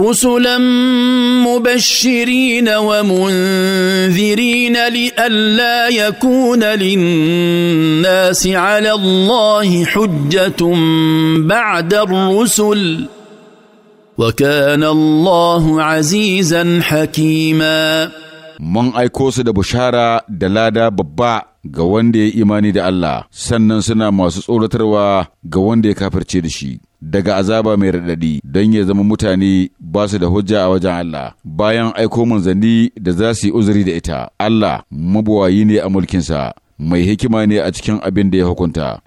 رسلا مبشرين ومنذرين لئلا يكون للناس على الله حجه بعد الرسل وكان الله عزيزا حكيما من aiko su da bushara da lada babba ga wanda ya imani da Allah sannan suna masu tsoratarwa ga wanda ya kafirce da shi daga azaba mai raɗaɗi don ya zama mutane ba su da hujja a wajen Allah bayan aiko manzanni da za su yi uzuri da ita Allah mabuwayi ne a mulkinsa mai hikima ne a cikin abin da ya hukunta